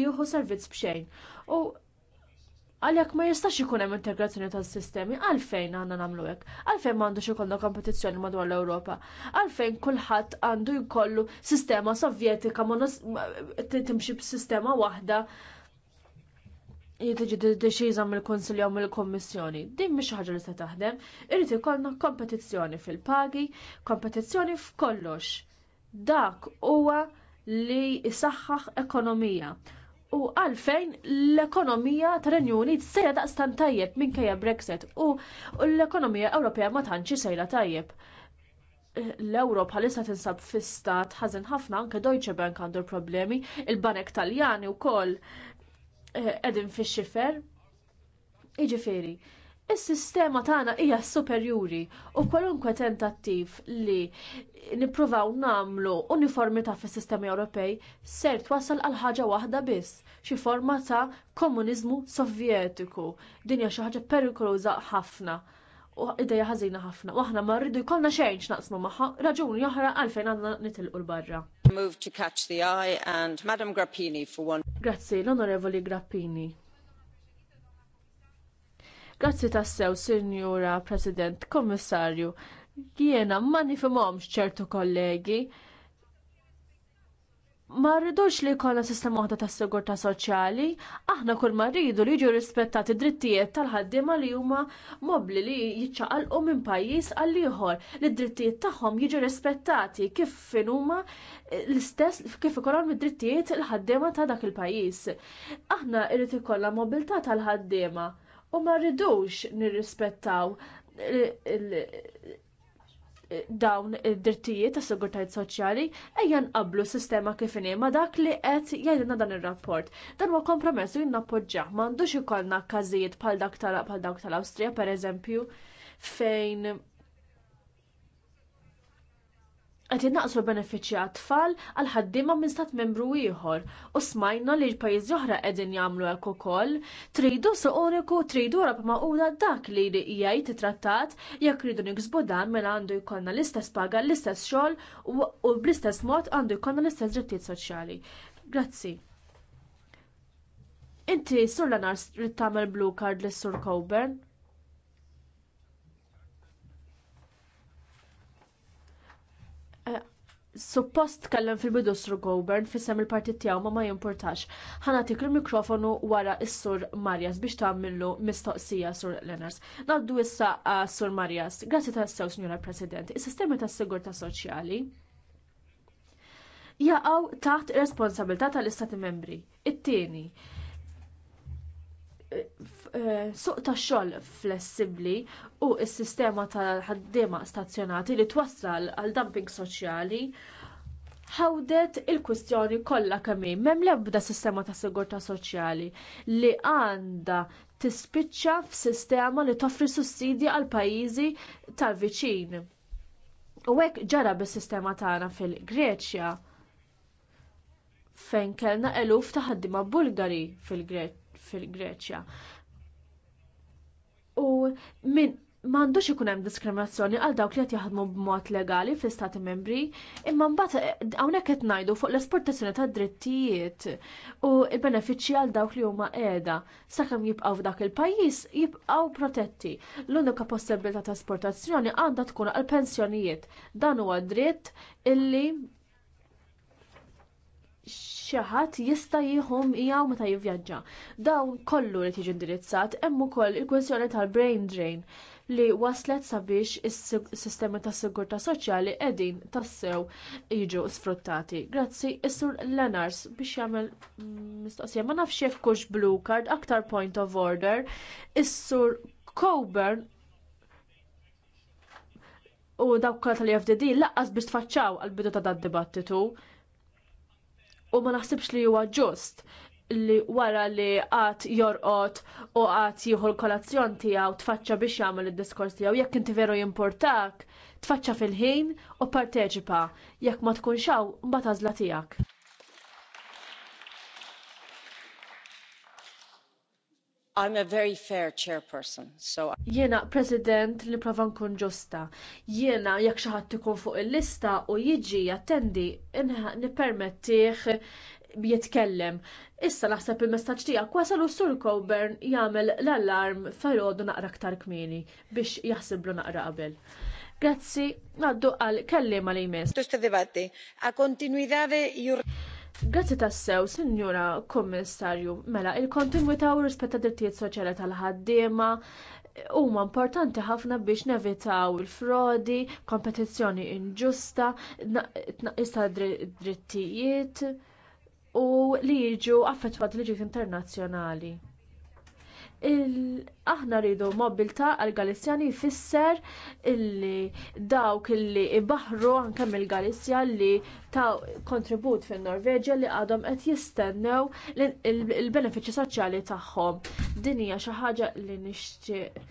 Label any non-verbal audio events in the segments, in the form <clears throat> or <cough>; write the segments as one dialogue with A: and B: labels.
A: jieħu servizz b'xejn. U għalhekk ma jistax ikun hemm integrazzjoni tas-sistemi, għalfejn għandna nagħmlu hekk, għalfejn m'għandux ikollna kompetizzjoni madwar l-Ewropa, għalfejn kulħadd għandu jkollu sistema sovjetika ma timxi b'sistema waħda jitiġi deċiża mill-Konsilju jew mill-Kommissjoni. Din mhix ħaġa li se taħdem, irid ikollna kompetizzjoni fil-pagi, kompetizzjoni f'kollox. Dak huwa li jsaħħaħ ekonomija u għalfejn l-ekonomija tar-Renju Unit sejra daqstan tajjeb minkejja Brexit u l-ekonomija Ewropea ma tantx sejra tajjeb. L-Ewropa lista tinsab fistat stat ħażin ħafna anke Deutsche Bank għandu problemi, il-Banek Taljani wkoll Edin eh, fi xifer Iġifieri, Is-sistema tagħna hija superjuri u kwalunkwe tentattiv li nippruvaw nagħmlu uniformità fis sistema Ewropej ser twassal għal ħaġa waħda biss, xi forma ta' komuniżmu sovjetiku. Din hija xi ħaġa perikoluża ħafna u ideja ħażina ħafna. U aħna ma rridu jkollna xejn x'naqsmu magħha, raġuni oħra għalfejn għandna nitilqu l-barra. Move to catch the eye and Madam Grappini for one. Grazzi, l-Onorevoli Grappini. Grazzi tassew, Sinjura President, Kommissarju. Jiena ma nifhimhomx ċertu kollegi Ma rridux li jkollna sistema waħda tas sigurtà soċjali, aħna kull ma rridu li jiġu rispettati drittijiet tal-ħaddiema li huma mobbli li jiċċaqalqu minn pajjiż għal ieħor li d-drittijiet tagħhom jiġu rispettati kif fin huma l-istess kif ikollhom id-drittijiet il-ħaddiema ta' dak il-pajjiż. Aħna rrid ikollna mobilità tal-ħaddiema u ma rridux nirrispettaw dawn id-drittijiet ta' sigurtajt soċjali ejja nqablu sistema kif inhi ma' dak li qed jgħidilna dan ir-rapport. Dan huwa kompromess u jinnappoġġjah m'għandux ikollna każijiet bħal dak tal bħal dawk tal-Awstrija pereżempju fejn qed innaqsu l għat-tfal għal ħaddiema minn stat membru ieħor u smajna li l-pajjiżi oħra qegħdin jagħmlu hekk ukoll. Tridu soqoriku tridu Ewropa maquda dak li jgħid it-trattat jekk ridu niksbu dan mela għandu jkollna l-istess paga, l-istess xogħol u bl-istess mod għandu jkollna l-istess drittijiet soċjali. Grazzi. Inti sur l-anar tagħmel blue card lis sur Coburn? suppost tkellem fil-bidu Sru Gobern fissem il-partit tiegħu ma ma Ħana Ħanatik il-mikrofonu wara s-Sur Marjas biex tagħmlu mistoqsija Sur Lenners. Naddu issa Sur Marjas. Grazzi ta' sew, Signora President. Is-sistemi tas sigurtà soċjali jaqgħu taħt responsabilità tal-Istati membri. It-tieni suq ta' xogħol flessibbli u s-sistema tal-ħaddiema stazzjonati li twassal għal dumping soċjali ħawdet il-kwistjoni kollha kemm hemm lebda l-ebda sistema ta' sigurtà soċjali li għandha tispiċċa f'sistema li toffri sussidji għal pajjiżi tal-viċin. U hekk ġara bis-sistema tagħna fil-Greċja fejn kellna eluf ta' ħaddiema Bulgari fil-Greċja fil-Greċja u minn m'għandux ikun hemm diskriminazzjoni għal dawk li qed jaħdmu b'mod legali fl-istati membri, imma mbagħad eh, hawnhekk qed ngħidu fuq l-esportazzjoni ta' drittijiet u l-benefiċċji għal dawk li huma qiegħda sakemm jibqgħu f'dak il-pajjiż jibqgħu protetti. L-unika possibilità ta' esportazzjoni għandha tkun għall pensjonijiet Dan huwa dritt illi xi ħadd jista' jieħum miegħu meta jivvjaġġa. Dawn kollu li tiġi indirizzat hemm ukoll il-kwestjoni tal-brain drain li waslet sabiex is-sistemi tas sigurtà soċjali qegħdin tassew jiġu sfruttati. Grazzi is-sur Lenars biex jagħmel mistoqsija ma nafx jekk kux blue card aktar point of order is-sur Coburn u dawk tal-FDD laqqas biex tfaċċaw għal bidu ta' dad dibattitu u ma naħsibx li huwa ġust li wara li għat jorqot u għat jieħu l-kolazzjon tiegħu tfaċċa biex jagħmel id-diskors tiegħu jekk inti veru jimportak tfaċċa fil-ħin u parteċipa jekk ma tkunx hawn mbagħad għażla tiegħek.
B: I'm a very fair chairperson, so
A: Jiena President li prova nkun ġusta. Jiena jekk xi ħadd ikun fuq il-lista u jiġi jattendi nippermettih jitkellem. Issa naħseb il-messaġġ tiegħek wasal u Sur Coburn jagħmel l-allarm ferodu naqra aktar kmieni biex jaħsiblu naqra qabel. Grazzi, għaddu għal kellim għal jmiss. Tust debatti, a kontinuidade Grazzi tassew, Sinjura Kommissarju, mela il-kontinuità u rispetta drittijiet soċjali tal-ħaddiema huma importanti ħafna biex nevitaw il-frodi, kompetizzjoni inġusta, tnaqqis ta' drittijiet u li jiġu affettwat liġijiet internazzjonali aħna rridu mobilta għal Galizjani jfisser illi dawk illi ibaħru anke mill-Galizja li ta' kontribut fin norveġja li għadhom qed jistennew il-benefiċċji soċjali tagħhom. Din hija xi ħaġa li nixtieq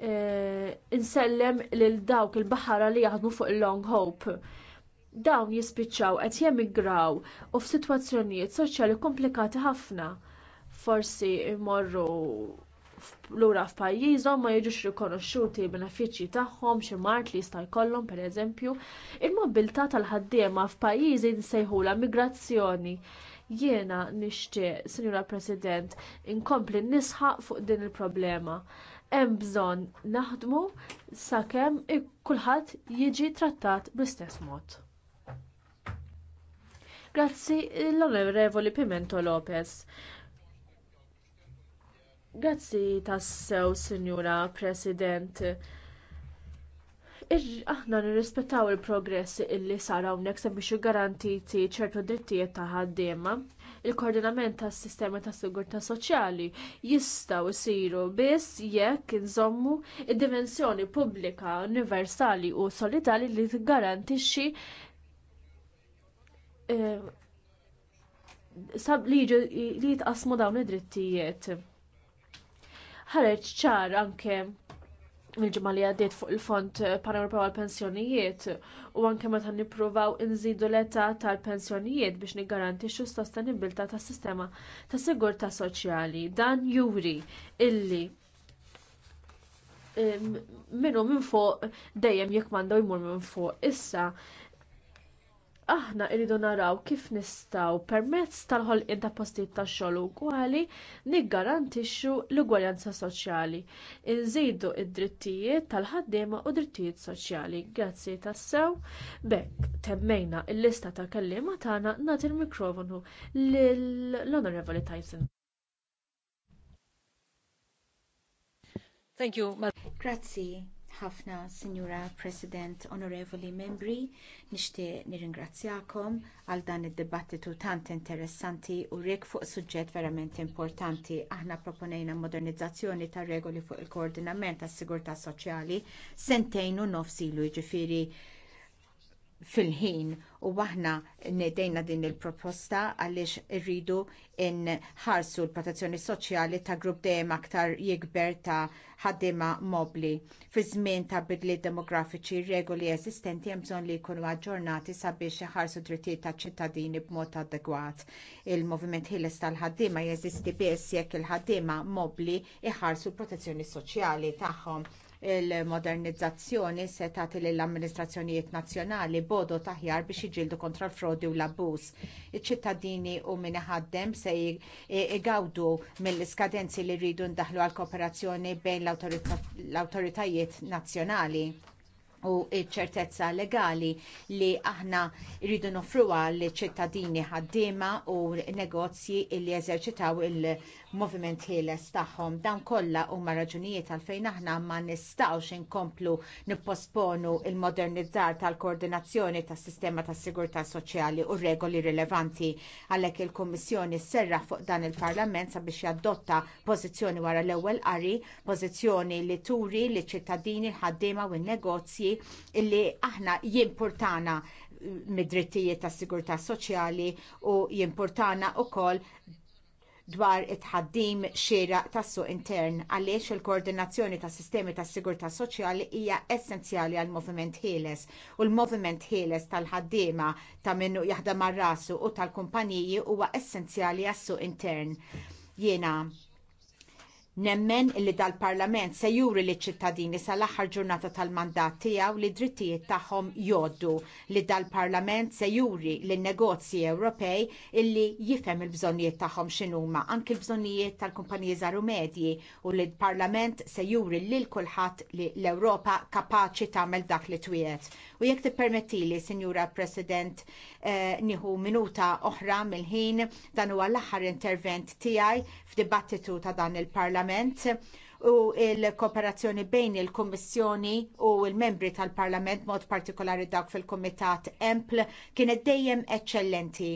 A: eh, insellem lil dawk il-baħara li jaħdmu fuq il-Long Hope. Dawn jispiċċaw qed jemigraw u f'sitwazzjonijiet soċjali komplikati ħafna forsi imorru lura f'pajjiżhom ma jiġux rikonoxxuti l-benefiċċji tagħhom xi mart li jista' jkollhom pereżempju. Il-mobilità tal-ħaddiema f'pajjiżi nsejħula migrazzjoni. Jiena nixtieq, Sinjura President, inkompli nisħaq fuq din il-problema. Hemm bżonn naħdmu sakemm kulħadd jiġi trattat bl-istess mod. Grazzi l-Onorevoli Pimento Lopez. Grazzi tassew, Sinjura President. Ir aħna nirrispettaw il-progress illi sar hawnhekk sabiex garantiti ċertu drittijiet ta' ħaddiema. Il-koordinament tas-sistema tas sigurtà soċjali jistgħu jsiru biss jekk inżommu id-dimensjoni pubblika, universali u solidali li tiggarantixxi eh, li jitqasmu dawn id-drittijiet ħareġ ċar anke il-ġimgħa li għaddiet fuq il-Fond Pan-Ewropew għal pensjonijiet u anke meta nippruvaw inżidu l-età tal-pensjonijiet biex niggarantixxu s-sostenibilità tas-sistema tas-sigurtà soċjali. Dan juri illi eh, minnu minn fuq dejjem jekk mandaw jmur minn fuq. Issa aħna rridu naraw kif nistgħu permezz tal-ħolqien ta' postijiet tax xogħol ugwali niggarantixxu l-ugwaljanza soċjali. Inżidu id-drittijiet tal-ħaddiema u drittijiet soċjali. Grazzi tassew. Bekk temmejna l-lista ta' kelliema tagħna nagħti l-mikrofonu lill-Onorevoli Tyson.
B: Thank you. Grazzi ħafna, Sinjura President, Onorevoli Membri, nixtieq nirringrazzjakom għal dan id-dibattitu tant interessanti u rek fuq suġġett verament importanti. Aħna proponejna modernizzazzjoni tar regoli fuq il-koordinament tas-sigurtà soċjali sentejn u nofs ilu jiġifieri fil-ħin u aħna nedejna din il-proposta għaliex rridu nħarsu l-protezzjoni soċjali ta' grupp dejjem aktar jikber ta' ħaddiema mobbli. Fi żmien ta' bidliet demografiċi regoli eżistenti hemm bżonn li jkunu aġġornati sabiex iħarsu drittijiet taċ ċittadini b'mod adegwat. Il-moviment ħieles tal-ħaddiema jeżisti biss jekk il-ħaddiema mobbli iħarsu l-protezzjoni soċjali tagħhom Il-modernizzazzjoni se tagħti lill amministrazzjonijiet nazzjonali bodu taħjar biex jiġildu kontra l-frodi u l-abbuż. Iċ-ċittadini u min ħaddem se jgawdu mill-iskadenzi li rridu ndaħlu għal kooperazzjoni bejn l-awtoritajiet nazzjonali u ċertezza legali li aħna rridu nofruha liċ ċittadini ħaddiema u negozji li jeżerċitaw il moviment ħieles tagħhom. Dan kollha huma raġunijiet għalfejn aħna ma nistgħux inkomplu nipposponu l modernizzar tal-koordinazzjoni tas-sistema tas-sigurtà soċjali u regoli rilevanti għalhekk il-Kummissjoni sserra fuq dan il-Parlament sabiex jadotta pożizzjoni wara l-ewwel qari, pożizzjoni li turi li ċittadini ħaddiema u n-negozji illi aħna jimpurtana mid-drittijiet tas sigurtà soċjali u jimpurtana wkoll dwar it-ħaddim xieraq tas-suq intern għaliex il-koordinazzjoni tas sistemi tas sigurtà soċjali hija essenzjali għall moviment ħieles u l-moviment ħieles tal-ħaddiema ta' minnu jaħdem mar rasu u tal-kumpaniji huwa essenzjali għas-suq intern. Jiena Nemmen illi dal-Parlament se juri li ċittadini sal-aħħar ġurnata tal-mandat tiegħu li drittijiet tagħhom jgħoddu li dal-Parlament se juri lin negozji Ewropej illi jifhem il-bżonnijiet tagħhom x'inhuma anki l-bżonnijiet tal-kumpaniji żaru medji u li l-Parlament se juri lil kulħadd li l-Ewropa kapaċi tagħmel dak li twiet. U jekk tippermettili, Sinjura President, eh, nieħu minuta oħra mill-ħin dan huwa l-aħħar intervent tiegħi f'dibattitu ta' dan il-Parlament parlament u il-kooperazzjoni bejn il-Kummissjoni u il-membri tal-Parlament mod partikolari dawk fil-Kumitat EMPL kienet dejjem eċċellenti.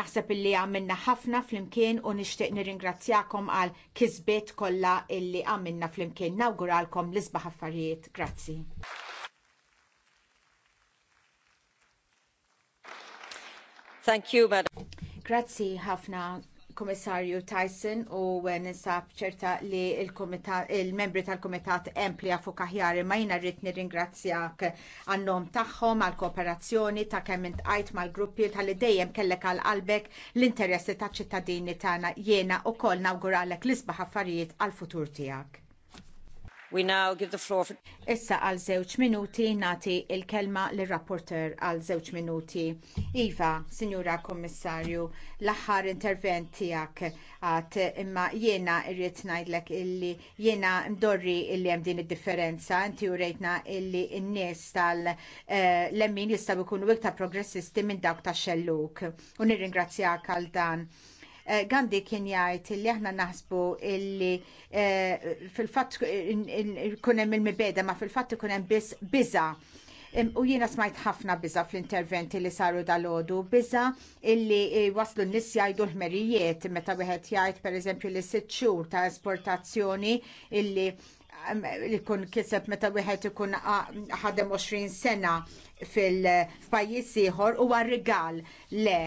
B: Naħseb illi għamilna ħafna flimkien u nixtieq nirringrazzjakom għal kisbiet kollha illi għamilna flimkien. Nawguralkom l-isbaħ affarijiet. Grazzi. Thank you, madam. Grazzi ħafna Komissarju Tyson u eh, ninsab ċerta li il-membri il tal-Komitat Empli għafu kaħjari ma jina rrit nirringrazzjak għannom taħħom, għal kooperazzjoni ta' kemm intqajt mal gruppi tal-li dejjem kellek għal qalbek l-interessi ta' ċittadini tagħna jiena u koll nawguralek l-isbaħ affarijiet għal futur tiegħek. We now give the floor for... Issa għal żewġ minuti nati il-kelma l rapporter għal żewġ minuti. Iva, Sinjura Kommissarju, l-aħħar intervent tiegħek għat imma jiena irrit ngħidlek illi jiena mdorri illi hemm din id-differenza inti urejtna illi n-nies tal-lemmin eh, jistgħu jkunu iktar progressisti minn dawk tax xelluk. U nirringrazzjak għal dan. Eh, Gandhi kien jgħid li aħna naħsbu illi eh, fil-fatt ikun hemm il-mibeda ma fil-fatt ikun hemm biss biża' U jiena smajt ħafna biża fl-interventi li saru dal-ħodu, biża illi eh, waslu n-nis jajdu l-ħmerijiet, meta wieħed jgħid pereżempju li sitt xhur ta' esportazzjoni illi li kun kiseb meta wieħed ikun ħadem 20 sena fil-pajjiż ieħor huwa rigal le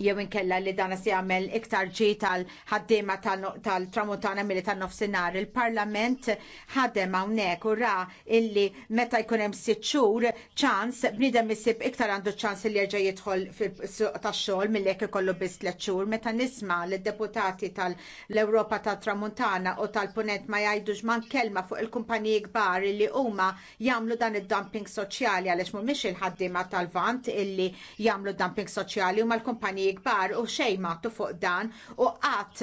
B: jew inkella li dan se jagħmel iktar ġi tal-ħaddiema tal-tramutana milli tan-nofsinhar. Il-Parlament ħadem hawnhekk u ra illi meta jkun hemm sitt xhur ċans bniedem isib iktar għandu ċans li jerġa' jidħol fis-suq tax-xogħol milli jekk ikollu biss tliet xhur. Meta nisma' lid-deputati tal-Ewropa tat-Tramuntana u tal-Punent ma jgħidux man kelma fuq il-kumpaniji kbar illi huma jagħmlu dan id-dumping soċjali għaliex mhumiex il-ħaddiema tal-vant illi jagħmlu dumping soċjali huma l-kumpaniji kbar u xejn m'għadtu fuq dan u qatt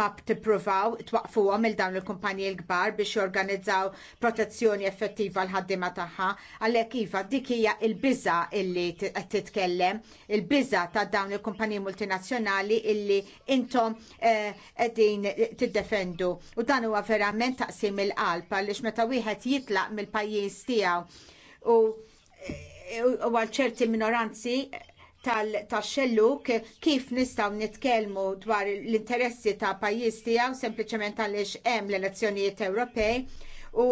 B: ma tippruvaw twaqfuhom il dawn il dan l-kbar biex jorganizzaw protezzjoni effettiva l-ħaddiema tagħha. Għalhekk iva dik hija l-biża illi qed titkellem, il biza ta' dawn il kumpanji multinazzjonali illi intom eh, qegħdin tiddefendu. U dan huwa verament taqsim il-qalb għaliex meta wieħed jitlaq mill-pajjiż tiegħu u għal ċerti minoranzi tax-xelluk kif nistgħu nitkellmu dwar l-interessi ta' pajjiż tiegħu sempliċement għaliex hemm l-elezzjonijiet Ewropej u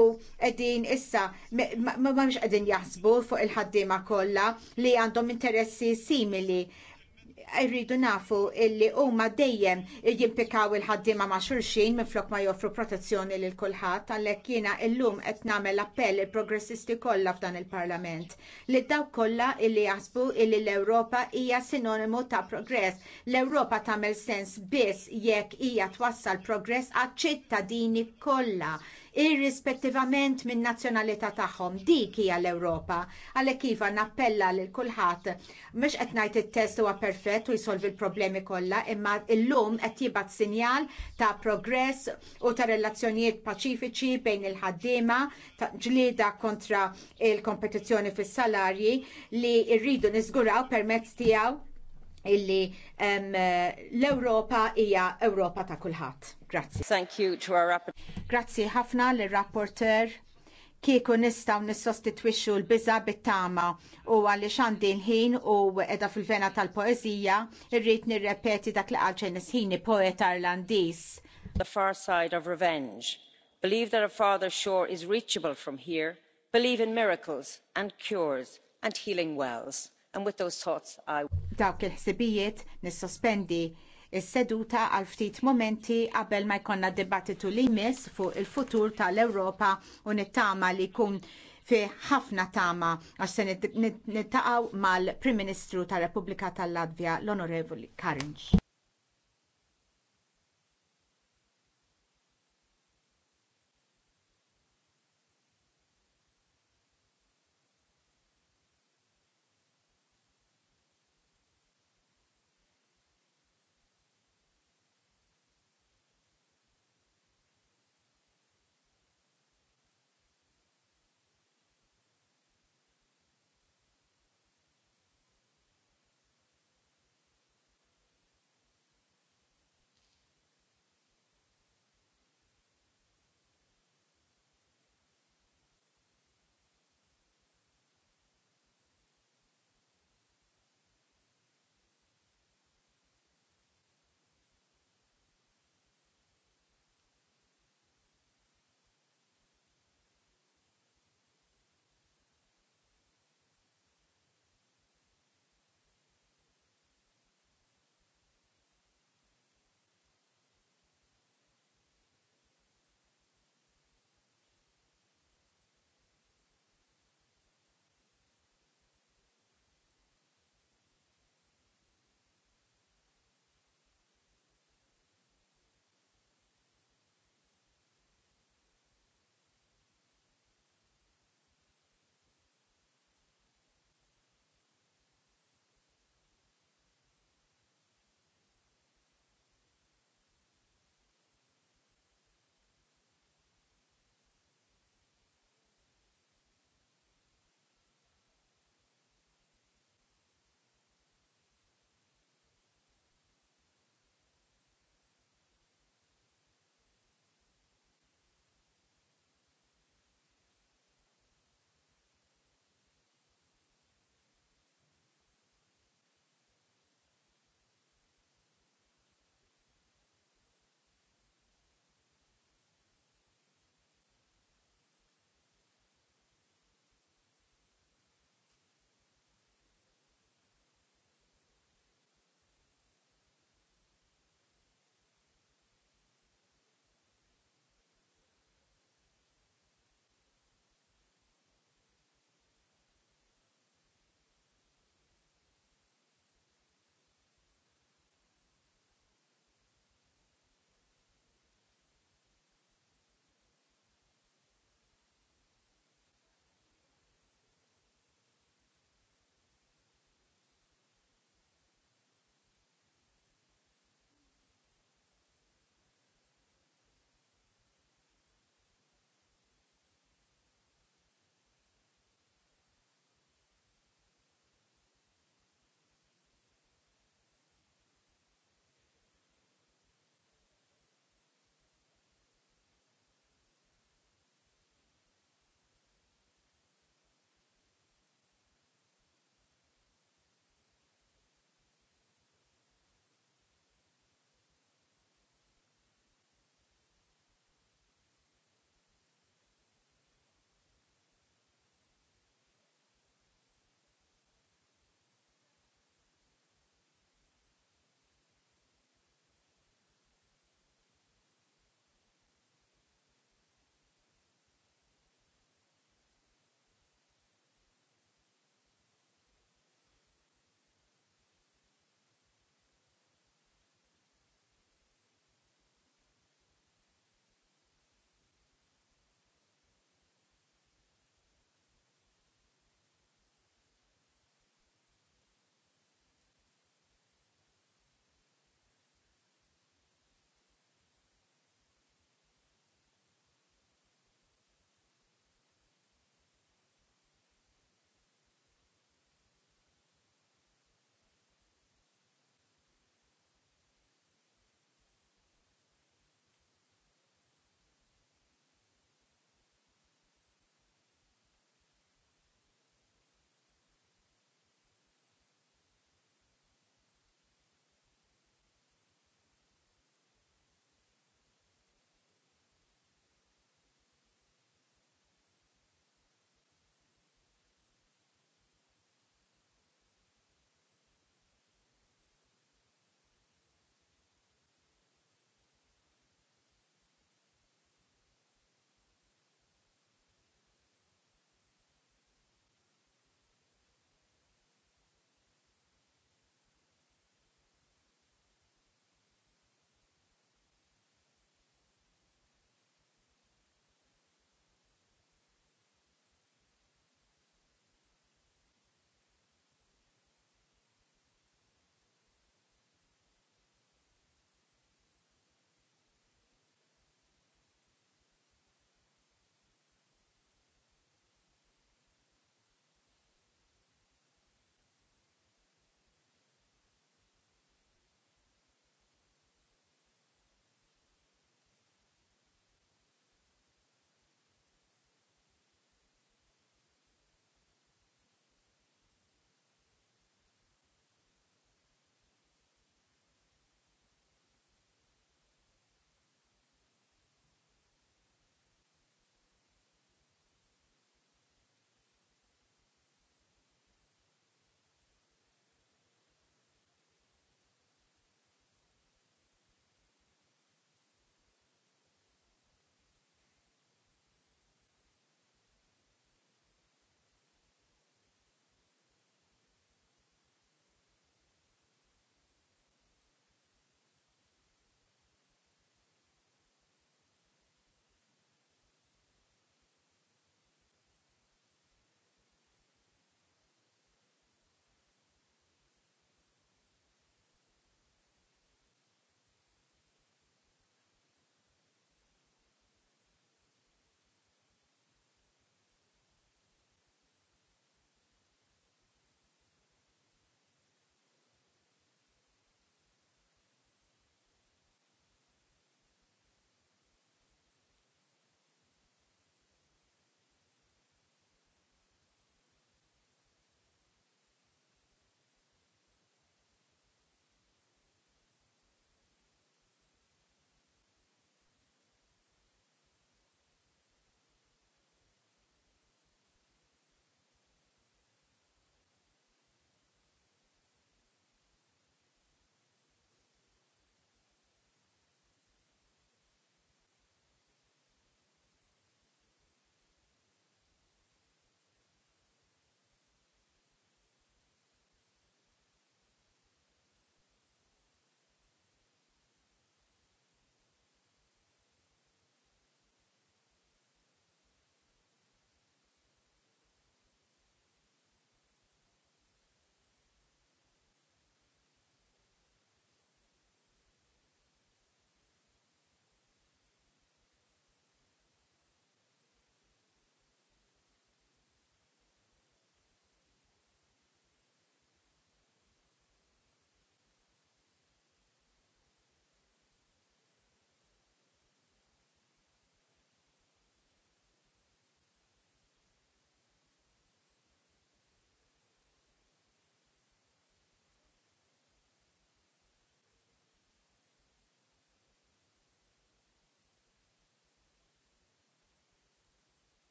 B: qegħdin issa ma mhux qegħdin jaħsbu fuq il-ħaddiema kollha li għandhom interessi simili rridu nafu illi huma dejjem jimpikaw il-ħaddiema ma' xulxin minflok ma joffru protezzjoni lil kulħadd għalhekk jiena llum qed nagħmel appell il-progressisti kollha f'dan il-Parlament li dawk kollha illi jaħsbu illi l-Ewropa hija sinonimu ta' progress. L-Ewropa tagħmel sens biss jekk hija twassal progress għaċ-ċittadini kollha irrispettivament minn nazzjonalità tagħhom. Dik hija l-Ewropa. Għalhekk iva nappella lil kulħadd mhux qed ngħid it-test huwa perfett u jsolvi l-problemi kollha, imma llum qed jibgħat sinjal ta' progress u ta' relazzjonijiet paċifiċi bejn il-ħaddiema ta' ġlieda kontra il-kompetizzjoni fis-salarji li rridu niżguraw permezz tiegħu illi um, l-Europa hija Europa ta' kulħadd. Grazzi. Thank you to our rapporteur. Grazzi ħafna l rapporteur kieku nistaw nissostitwixxu l-biża bit-tama u għaliex għandi l-ħin u edha fil-vena tal-poezija irrid nirrepeti dak li is isħini poeta Irlandiż. The far side of revenge. Believe that a farther shore is reachable from here. Believe in miracles and cures and healing wells And with those thoughts, I... Dawk il-ħsibijiet nissospendi is-seduta għal ftit momenti qabel ma jkollna dibattitu li jmiss fuq il-futur tal-Ewropa u nittama li jkun fi ħafna tama għax se nittaqgħu mal-Prim Ministru tar-Repubblika tal-Latvja l-Onorevoli Karinċ.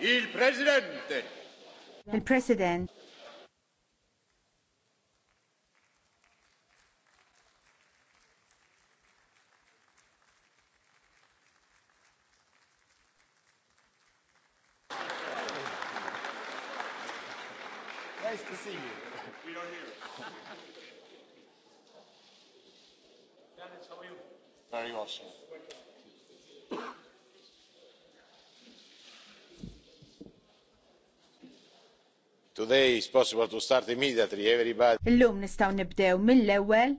A: Il-Presidente.
B: Il-President.
C: Nice to see you. We don't hear. Dennis, how are you? Very well, sir.
A: Today is possible to start immediately everybody.
B: Illum nistgħu nibdew mill-ewwel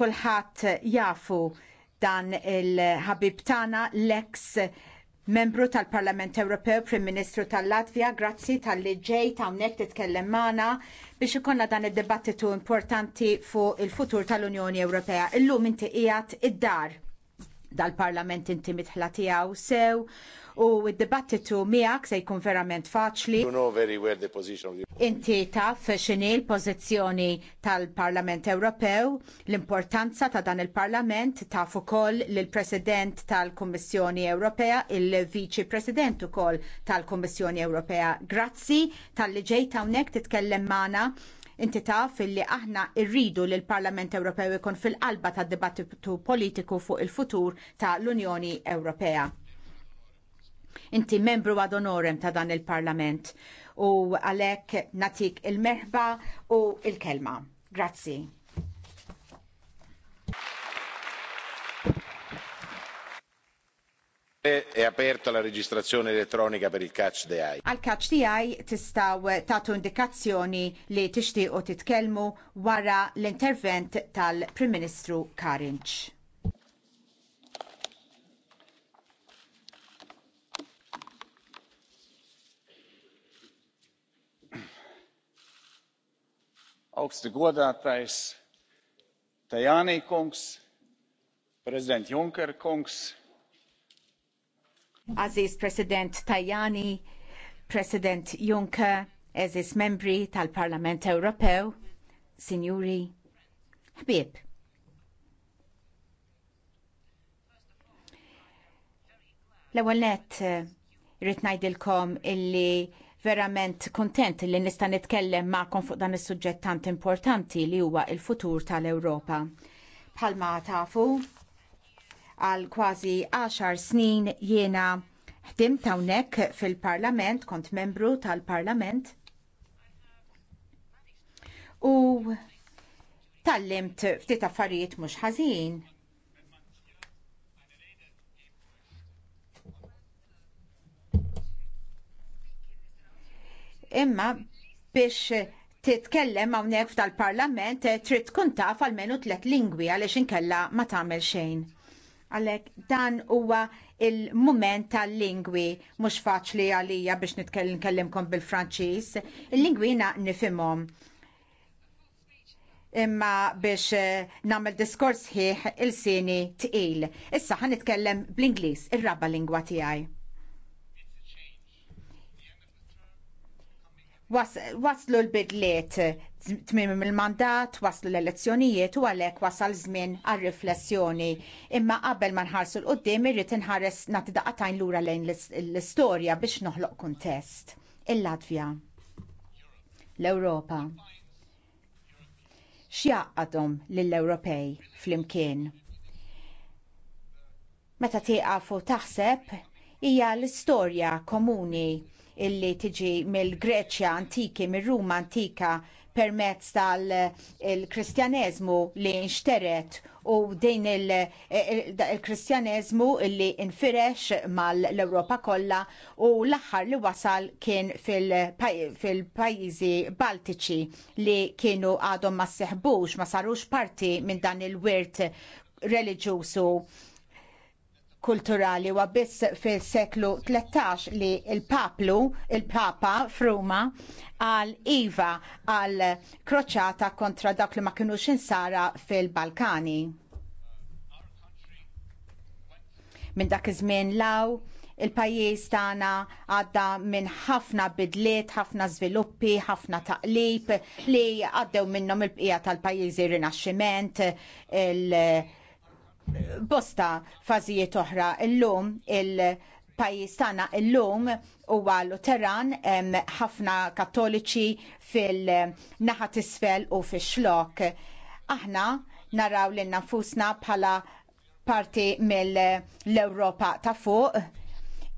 B: kulħadd jafu dan il-ħabib tagħna l ex membru tal-Parlament Ewropew, Prim Ministru tal-Latvja, grazzi tal-li ġej hawnhekk titkellem magħna biex ikonna dan id-dibattitu importanti fuq il-futur tal-Unjoni Ewropea. Illum inti qiegħed id-dar dal-Parlament inti mitħla tiegħu sew u d-dibattitu miegħek se jkun verament faċli. Inti taf x'inhi l-pożizzjoni tal-Parlament Ewropew, l-importanza ta' dan il-Parlament taf ukoll lill president tal-Kummissjoni Ewropea, il-Viċi President ukoll tal-Kummissjoni Ewropea. Grazzi tal-li ġejt hawnhekk titkellem magħna inti taf illi aħna rridu li l-Parlament Ewropew ikun fil-qalba tad dibattitu politiku fuq il-futur tal unjoni Ewropea. Inti membru għad onorem ta' dan il-Parlament u għalek natik il-merħba u il-kelma. Grazzi.
A: È aperta la registrazione elettronica
B: per
C: il catch the eye.
B: Al catch the eye tistaw tatu indikazzjoni li tixtiequ titkellmu wara l-intervent tal-Prim Ministru Karinċ.
A: augsti godātais tajani kungs
C: prezident juncker kungs
B: Aziz President Tajani, President Juncker, Aziz membri tal-Parlament Ewropew, Sinjuri, ħbieb. L-ewwel nett eh, rrid ngħidilkom illi verament kontent li nista' nitkellem magħkom fuq dan is-suġġett tant importanti li huwa l futur tal-Ewropa. Bħalma tafu għal kważi 10 snin jiena ħdim hawnhekk fil-Parlament, kont membru tal-Parlament. U tallimt ftit affarijiet mhux ħażin imma biex titkellem hawnhekk f'tal-Parlament eh, trid tkun taf għalmenu tliet lingwi għaliex inkella ma tagħmel xejn. Għalhekk dan huwa il-mument tal-lingwi mhux faċli għalija biex nitkellimkom bil-Franċiż, il-lingwi na Imma biex eh, nagħmel diskors ħieħ il-sini tqil. Issa ħanitkellem bl-Ingliż, ir-raba lingwa tiegħi. was, waslu l-bidliet tmim il-mandat, waslu l-elezzjonijiet u għalhekk wasal żmien għal-riflessjoni. Imma qabel ma nħarsu l-qoddim irrid inħares nagħti daqatajn lura lejn l-istorja biex noħloq kuntest. Il-Latvja. L-Ewropa. X'jaqadhom lill-Ewropej flimkien? Meta tieqafu taħseb hija l-istorja komuni illi tiġi mill-Greċja antiki, mir-Ruma antika permezz tal-Kristjaneżmu eh, li nxteret u din eh, il-Kristjaneżmu illi nfirex mal-Ewropa kollha u l-aħħar li wasal kien fil-pajjiżi Baltiċi li kienu għadhom ma seħbux ma sarux parti minn dan il-wirt reliġjużu kulturali wa biss fil-seklu 13 li il-paplu, il-papa fruma għal Iva għal kroċata kontra dak li ma kienu insara fil-Balkani. Minn dak iż-żmien law, il-pajjiż tagħna għadda minn ħafna bidliet, ħafna żviluppi, ħafna taqlib li għaddew minnhom il-bqija tal-pajjiżi rinaxximent, il-, -il bosta fażijiet oħra illum il- pajis tagħna illum huwa Luteran hemm ħafna Kattoliċi fil-naħa tisfel u fix-xlok. Aħna naraw lil nafusna bħala parti mill-Ewropa ta' fuq.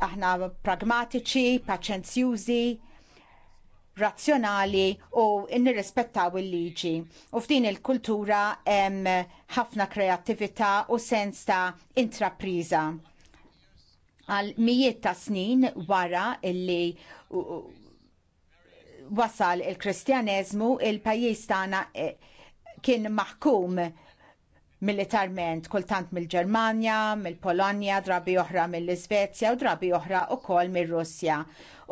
B: Aħna pragmatiċi, paċenzjużi, razzjonali u nirrispettaw il-liġi. U f'din il-kultura hemm ħafna kreattività u sens ta' intrapriża. Għal mijiet ta' snin wara illi wasal il-Kristjaneżmu il-pajjiż tagħna eh, kien maħkum militarment kultant mill-Ġermanja, mill-Polonja, drabi oħra mill-Iżvezja u drabi oħra wkoll mir-Russja.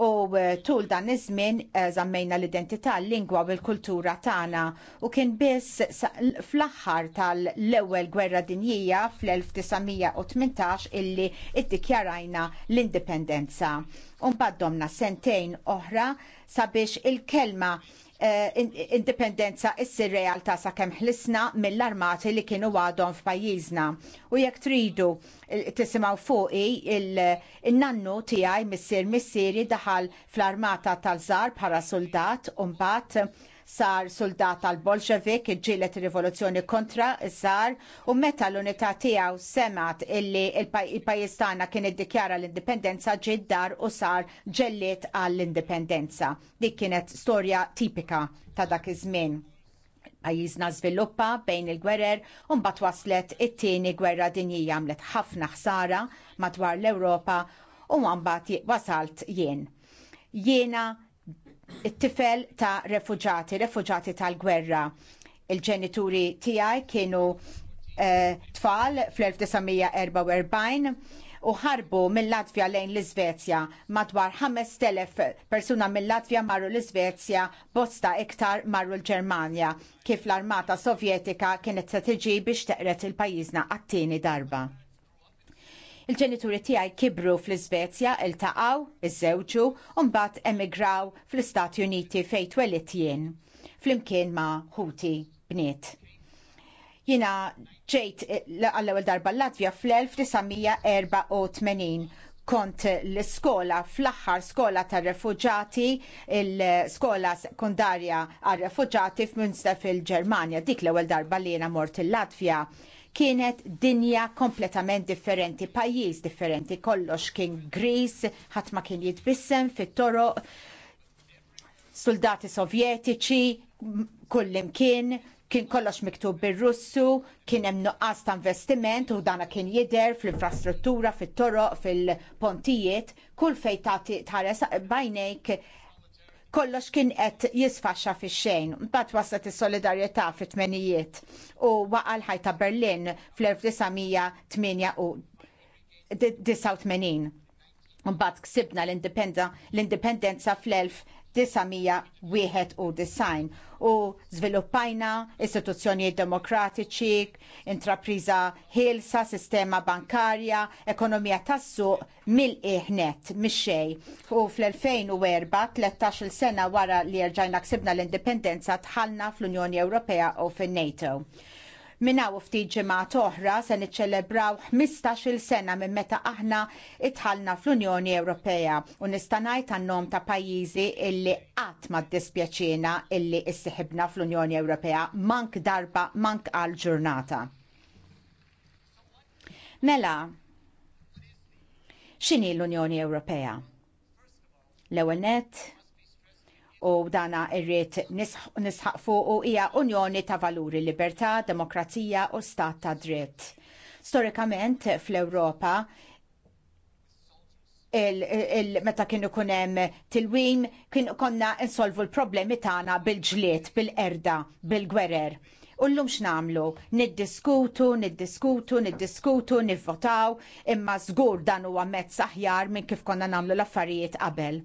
B: U eh, tul dan iż-żmien eh, żammejna l-identità, l-lingwa u l-kultura tagħna u kien biss fl-aħħar tal-ewwel gwerra dinjija fl-1918 illi iddikjarajna l-indipendenza. Unbad domna sentejn oħra sabiex il-kelma Eh, indipendenza issi realtà sakemm ħlisna mill-armati li kienu għadhom f'pajjiżna. U jekk tridu tisimgħu fuqi il-nannu tiegħi missier missieri daħal fl-armata tal-żar bħala soldat u mbagħad sar soldat tal bolxevik ġilet rivoluzzjoni kontra sar u meta l-unità tiegħu semat illi il-pajjiż tagħna kien iddikjara l-indipendenza ġie dar u sar ġelliet għall-indipendenza. Dik kienet storja tipika ta' dak iż-żmien. Pajjiżna żviluppa bejn il-gwerer u mbagħad waslet it-tieni gwerra dinjija għamlet ħafna ħsara madwar l-Ewropa u mbagħad wasalt jien. Jiena it-tifel ta' refuġati, refuġati tal-gwerra. Il-ġenituri tiegħi kienu eh, tfal fl-1944 u ħarbu mill-Latvja lejn l-Iżvezja. Madwar 5,000 persuna mill-Latvja marru l-Iżvezja, bosta iktar marru l-Ġermanja, kif l-Armata Sovjetika kienet se biex teqret il-pajjiżna għat-tieni darba. Il-ġenituri tiegħi kibru fl-Iżvezja, iltaqgħu, iż-żewġu, u mbagħad emigraw fl-Istati Uniti fejn twellit jien flimkien ma' ħuti bniet. Jiena ġejt għall-ewwel darba l-Latvja fl-1984 kont l-iskola fl-aħħar skola tar refuġati l-skola sekundarja għar refuġati f'Münster fil-Ġermanja dik l-ewwel darba li jiena mort il-Latvja kienet dinja kompletament differenti, pajjiż differenti, kollox kien Gris, ħadd ma kien jitbissem fit-toroq, soldati sovjetiċi, kullimkien, kien kollox miktub bir-Russu, kien hemm nuqqas ta' investiment u dana kien jidher fl-infrastruttura, fit-toroq, fil-pontijiet, kull fejn tagħti tħares bajnejk kollox kien qed jisfaxxa fix-xejn. Mbagħad waslet is-solidarjetà fit-tmenijiet u waqal ħajta Berlin fl-1988. Mbagħad ksibna l-indipendenza fl-1989 1991 u żviluppajna istituzzjonijiet demokratiċi, intrapriża ħilsa, sistema bankarja, ekonomija tas-suq mill-iħnet mis xej U fl-2004, 13-il sena wara li rġajna ksibna l-indipendenza tħalna fl-Unjoni Ewropea u fin-NATO. Minna u ftit ġimgħat oħra se niċċelebraw 15-il sena minn meta aħna itħallna fl-Unjoni Ewropea u nista' ngħid ta' pajjiżi illi qatt ma ddispjaċina illi issiħibna fl-Unjoni Ewropea mank darba mank għal ġurnata. Mela, x'inhi l-Unjoni Ewropea? L-ewwel nett u dana irrit nisħaq fuq u hija unjoni ta' valuri libertà, demokrazija u stat ta' dritt. Storikament fl-Ewropa meta kienu kunem tilwim, kien konna insolvu l-problemi tagħna bil-ġliet, bil-erda, bil-gwerer. Ullum x'namlu? Niddiskutu, niddiskutu, niddiskutu, nivvotaw, imma żgur dan huwa mezz aħjar minn kif konna namlu l-affarijiet qabel.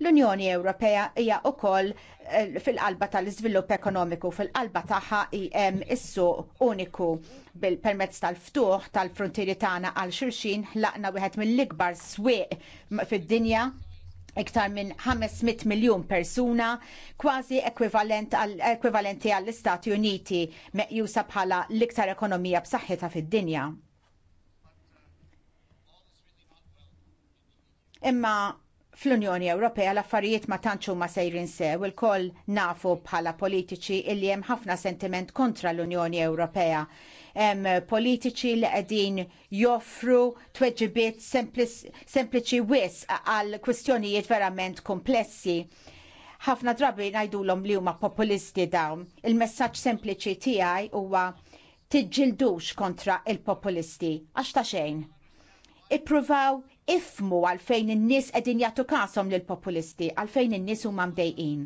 B: L-Unjoni Ewropea hija wkoll eh, fil-qalba tal-iżvilupp ekonomiku, fil-qalba tagħha hemm is-suq uniku bil-permezz tal-ftuħ tal-frontieri tagħna għal xulxin ħlaqna wieħed mill-ikbar swieq fid-dinja iktar minn 500 miljon persuna, kważi ekwivalenti għall-Istati Uniti, meqjusa bħala l-iktar ekonomija b'saħħitha fid-dinja. Imma fl-Unjoni Ewropea l-affarijiet ma tantx huma sejrin sew il-koll nafu bħala politiċi illi hemm ħafna sentiment kontra l-Unjoni Ewropea hemm politiċi li qegħdin joffru tweġibiet sempliċi wis għal kwistjonijiet verament komplessi. Ħafna drabi ngħidulhom li huma populisti dawn. Il-messaġġ sempliċi tiegħi huwa tiġġildux kontra il-populisti għax ta' xejn. Ippruvaw ifmu għalfejn in-nies qegħdin jagħtu kasom lil populisti, għalfejn in-nies huma mdejqin.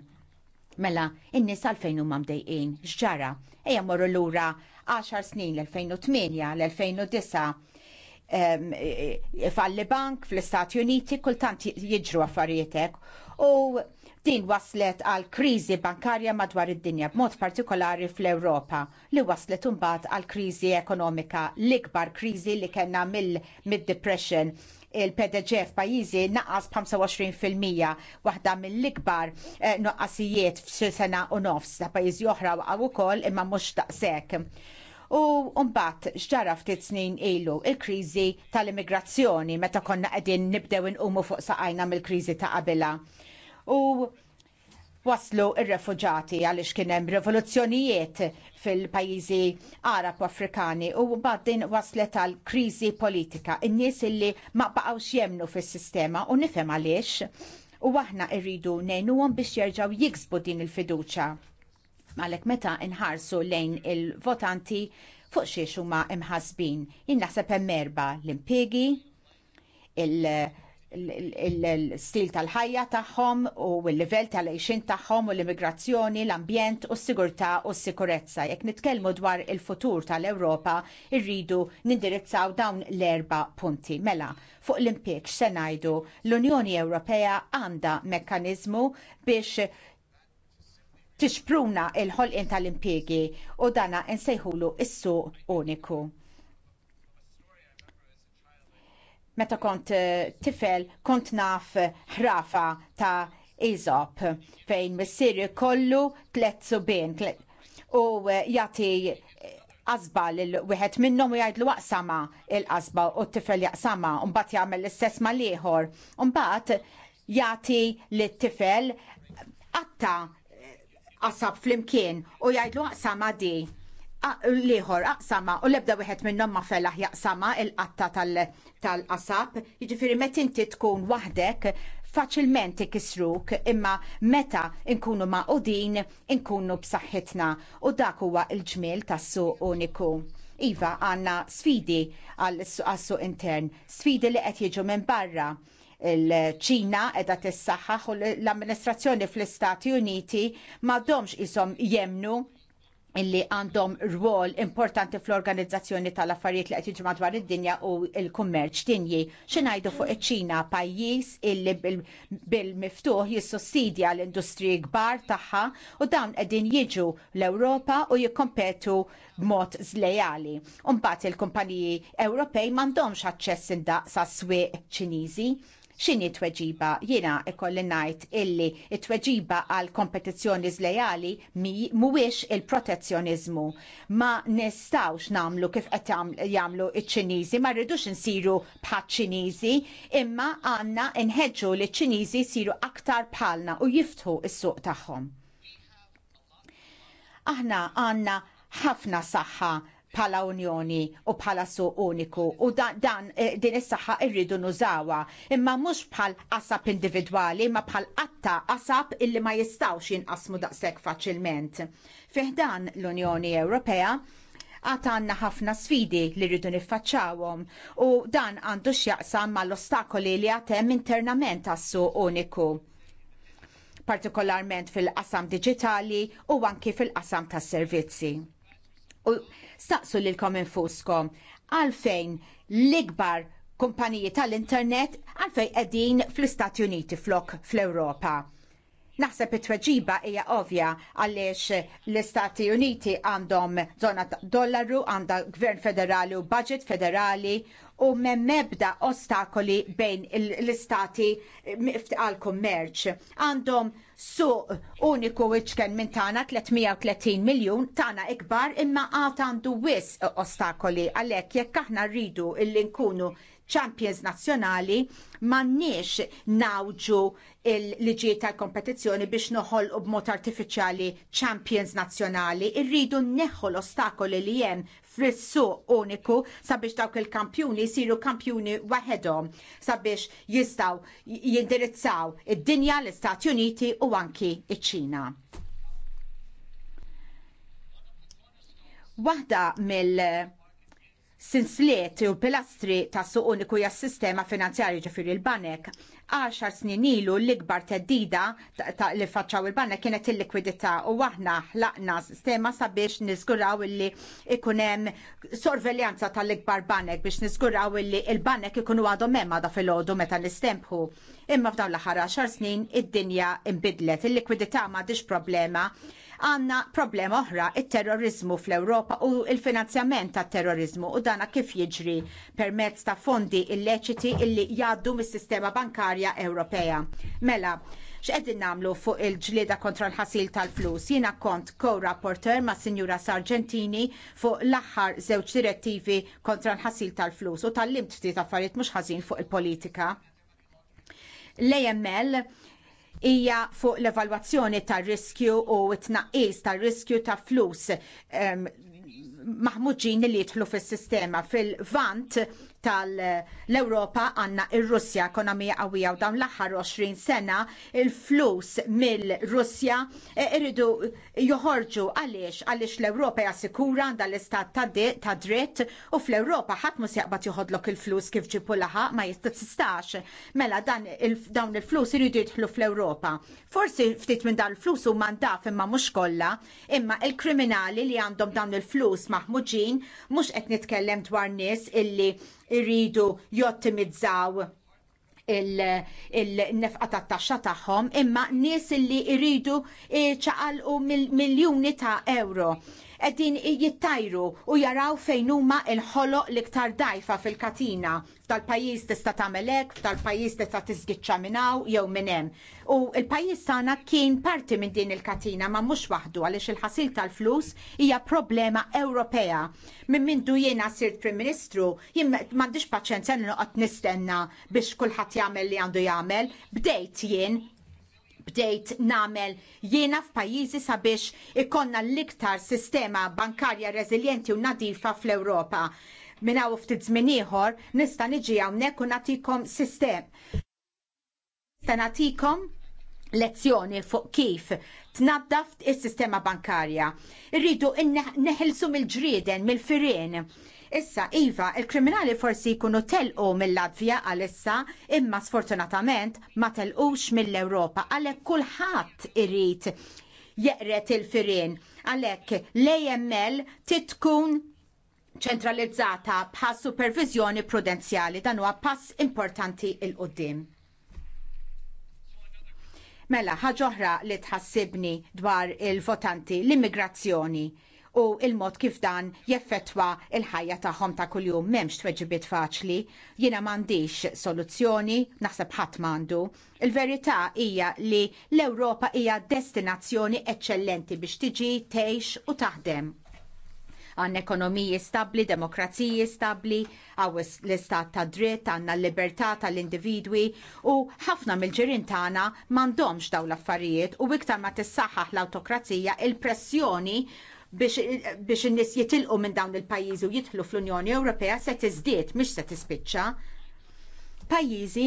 B: Mela, in-nies għalfejn huma mdejqin, x'ġara, ejja morru lura 10 snin l-2008 l-2009 e, e, falli bank fl-Istati Uniti kultant jiġru affarijietek u din waslet għal kriżi bankarja madwar id-dinja b'mod partikolari fl-Ewropa li waslet imbagħad għal kriżi ekonomika l-ikbar kriżi li kellna mill-Depression il-PDG f'pajjiżi naqas b'25% waħda mill-ikbar eh, nuqqasijiet f'xi sena u nofs ta' pajjiżi oħra waqgħu wkoll imma mhux daqshekk. U mbagħad x'ġara ftit snin ilu il-kriżi tal-immigrazzjoni meta konna qegħdin nibdew inqumu fuq saqajna mill-kriżi ta' qabilha. U waslu ir-refuġati għaliex kien hemm rivoluzzjonijiet fil-pajjiżi Arab u Afrikani u baddin waslet għal kriżi politika. In-nies illi ma baqgħux jemnu fis-sistema u nifhem għaliex u aħna rridu ngħinuhom biex jerġgħu jiksbu din il-fiduċja. Malek meta nħarsu lejn il-votanti fuq xiex huma imħasbin. Jien naħseb hemm erba' l-impjegi, il- l-stil tal-ħajja tagħhom u l-livell tal-għexin tagħhom u l-immigrazzjoni, l-ambjent u s-sigurtà u s-sikurezza. Jekk nitkellmu dwar il-futur tal-Ewropa, irridu nindirizzaw dawn l-erba punti. Mela, fuq l-impieċ se ngħidu l-Unjoni Ewropea għandha mekkaniżmu biex tixpruna il-ħolqien tal-impjegi u dana nsejħulu is-suq uniku meta kont eh, tifel kont naf eh, ħrafa ta' Izop fejn missir kollu tlet subien u eh, jati azba lil wieħed minnhom u jgħidlu waqsama il-qasba u t-tifel jaqsama u mbagħad jagħmel l-istess mal ieħor. U mbagħad jagħti lit-tifel qatta qasab flimkien u jgħidlu waqsama di liħor aqsama u lebda wieħed minnhom ma felaħ jaqsama il-qatta tal-qasab, jiġifieri meta inti tkun waħdek faċilment ikisruk imma meta nkunu maqudin nkunu b'saħħitna u dak huwa l-ġmiel tas-suq uniku. Iva għandna sfidi għal-suq intern, sfidi li qed jiġu minn barra il-ċina edha tissaħħaħ u l-amministrazzjoni fl-Istati Uniti ma domx isom jemnu illi għandhom rwol importanti fl-organizzazzjoni tal-affarijiet li qed jiġu madwar id-dinja u l-kummerċ dinji. X'ingħidu fuq iċ-Ċina pajjiż illi bil-miftuħ jissussidja l-industriji kbar tagħha u dawn qegħdin jiġu l-Ewropa u jikkompetu b'mod żlejali. Imbagħad il-kumpaniji Ewropej m'għandhomx aċċess indaqs sa swieq Ċiniżi xini tweġiba jiena ikolli ngħid illi t tweġiba għal kompetizzjoni zlejali mhuwiex il-protezzjonizmu. Ma nistawx nagħmlu kif qed jagħmlu il ċiniżi ma rridux insiru bħaċ-Ċiniżi, imma għandna nħeġġu li ċ-Ċiniżi jsiru aktar bħalna u jiftħu s-suq tagħhom. Aħna għandna ħafna saħħa bħala Unjoni u bħala suq uniku u dan, eh, din is-saħħa rridu nużawha imma mhux bħal qasab individwali imma bħal qatta qasab illi ma jistgħux jinqasmu daqshekk faċilment. Fiħdan l-Unjoni Ewropea għata għanna ħafna sfidi li rridu niffaċċawhom u dan għandu x'jaqsam mal-ostakoli li għatem internament għassu uniku partikolarment fil-qasam digitali u anki fil-qasam tas servizzi u staqsu lilkom infuskom għalfejn l-ikbar kumpaniji tal-internet għalfejn qegħdin fl-Istati Uniti flok fl-Ewropa. Naħseb it-tweġiba hija ovvja għaliex l-Istati Uniti għandhom zona dollaru, għandha gvern federali u budget federali u m'hemm ebda ostakoli bejn l-istati għal kummerċ. Għandhom suq uniku iċken minn tagħna 330 miljun tagħna ikbar imma għad għandu wis ostakoli għalhekk jekk aħna rridu illi nkunu champions nazzjonali m'għandniex nawġu il-liġijiet tal-kompetizzjoni biex noħol u b'mod artifiċjali champions nazzjonali. Irridu neħu l-ostakoli li hemm fis-suq uniku sabiex dawk il-kampjuni jsiru kampjuni waħedhom sabiex jistgħu jindirizzaw id-dinja l-Istati Uniti u anki iċ-Ċina. Waħda mill- sinsliet u pilastri ta' suq uniku jas sistema finanzjarju ġifiri l banek 10 snin ilu l-ikbar teddida li faċċaw il-banek kienet il-likwidità u aħna ħlaqna sistema sabiex niżguraw illi ikunem sorveljanza tal-ikbar banek biex nizguraw illi il-banek ikunu għadhom memma da fil-ħodu meta nistempħu. Imma f'dawn l-ħara 10 snin id-dinja imbidlet, il-likwidità ma problema għandna problema oħra, it-terrorizmu fl-Ewropa u il-finanzjament tat terrorizmu u dana kif jiġri permezz ta' fondi illeċiti illi jaddu mis-sistema bankarja Ewropea. Mela, x'qegħdin nagħmlu fuq il-ġlieda kontra l-ħasil tal-flus. Jiena kont co-rapporter ma' Sinjura Sargentini fuq l-aħħar żewġ direttivi kontra l-ħasil tal-flus u tal-limt ftit affarijiet mhux ħażin fuq il-politika. L-AML hija fuq l-evalwazzjoni tar riskju u t-tnaqqis tar riskju ta' flus um, maħmuġin li jidħlu fis-sistema fil-vant tal-Europa għanna il-Russja ekonomija qawwija u dawn l-aħħar 20 sena il-flus mill-Russja eh, irridu joħorġu għaliex għaliex l-Europa jassikura għandha l-istat ta' dritt u fl-Europa ħadd mhux jaqbad joħodlok il-flus kif ġipu laħa ma jististax. Mela dawn il-flus irridu jidħlu fl-Europa. Forsi ftit minn dan il-flus u mandaf imma mhux kollha, imma il-kriminali li għandhom dawn il-flus maħmuġin mhux qed nitkellem dwar nies illi irridu jottimizzaw il-nefqa tat taxxa tagħhom imma nies li jridu eh, ċaqalqu miljuni ta' euro qegħdin jittajru u jaraw fejn huma l-ħoloq l-iktar dajfa fil-katina. F'tal-pajjiż tista' tagħmel hekk, f'tal-pajjiż tista' tiżgiċċa minn hawn jew minn hemm. U l-pajjiż tagħna kien parti minn din il-katina ma mhux waħdu għaliex il-ħasil tal-flus hija problema Ewropea. Minn mindu jiena sirt Prim Ministru jien m'għandix paċenzja li noqgħod nistenna biex kulħadd jagħmel li għandu jagħmel, bdejt jien bdejt namel jiena f'pajjiżi sabiex ikonna l-iktar sistema bankarja reżiljenti u nadifa fl-Ewropa. Minn hawn ftit żmien ieħor nista' niġi hawnhekk u nagħtikom sistem. Nista' nagħtikom lezzjoni fuq kif tnaddaf is-sistema bankarja. Irridu neħilsu mill-ġrieden, mill-firien. mill ġrieden mill mill ġrieden mill firien Issa, Iva, il-kriminali forsi jkunu telqu mill-Latvja għal-issa, imma sfortunatament ma telqux mill-Europa, għalek kullħat irrit jeqret il-firin. Għalek, l-AML titkun ċentralizzata bħal supervizjoni prudenzjali dan huwa pass importanti il-qoddim. Mela, ħaġa oħra li tħassibni dwar il-votanti, l-immigrazzjoni u il-mod kif dan jeffettwa il-ħajja tagħhom ta' kuljum m'hemmx tweġibiet faċli, jiena m'għandix soluzzjoni, naħseb ħadd m'għandu. Il-verità hija li l-Ewropa hija destinazzjoni eċċellenti biex tiġi tgħix u taħdem għan ekonomiji stabli, demokraziji stabli, għaw l-istat ta' dritt, għanna l-libertà tal-individwi u ħafna mill-ġirin tagħna m'għandhomx dawn l-affarijiet u iktar ma tissaħħaħ l-autokrazija il-pressjoni biex n-nis jitilqu minn dawn il pajizi u jidħlu fl-Unjoni Ewropea se tiżdied mhix se tispiċċa. Pajjiżi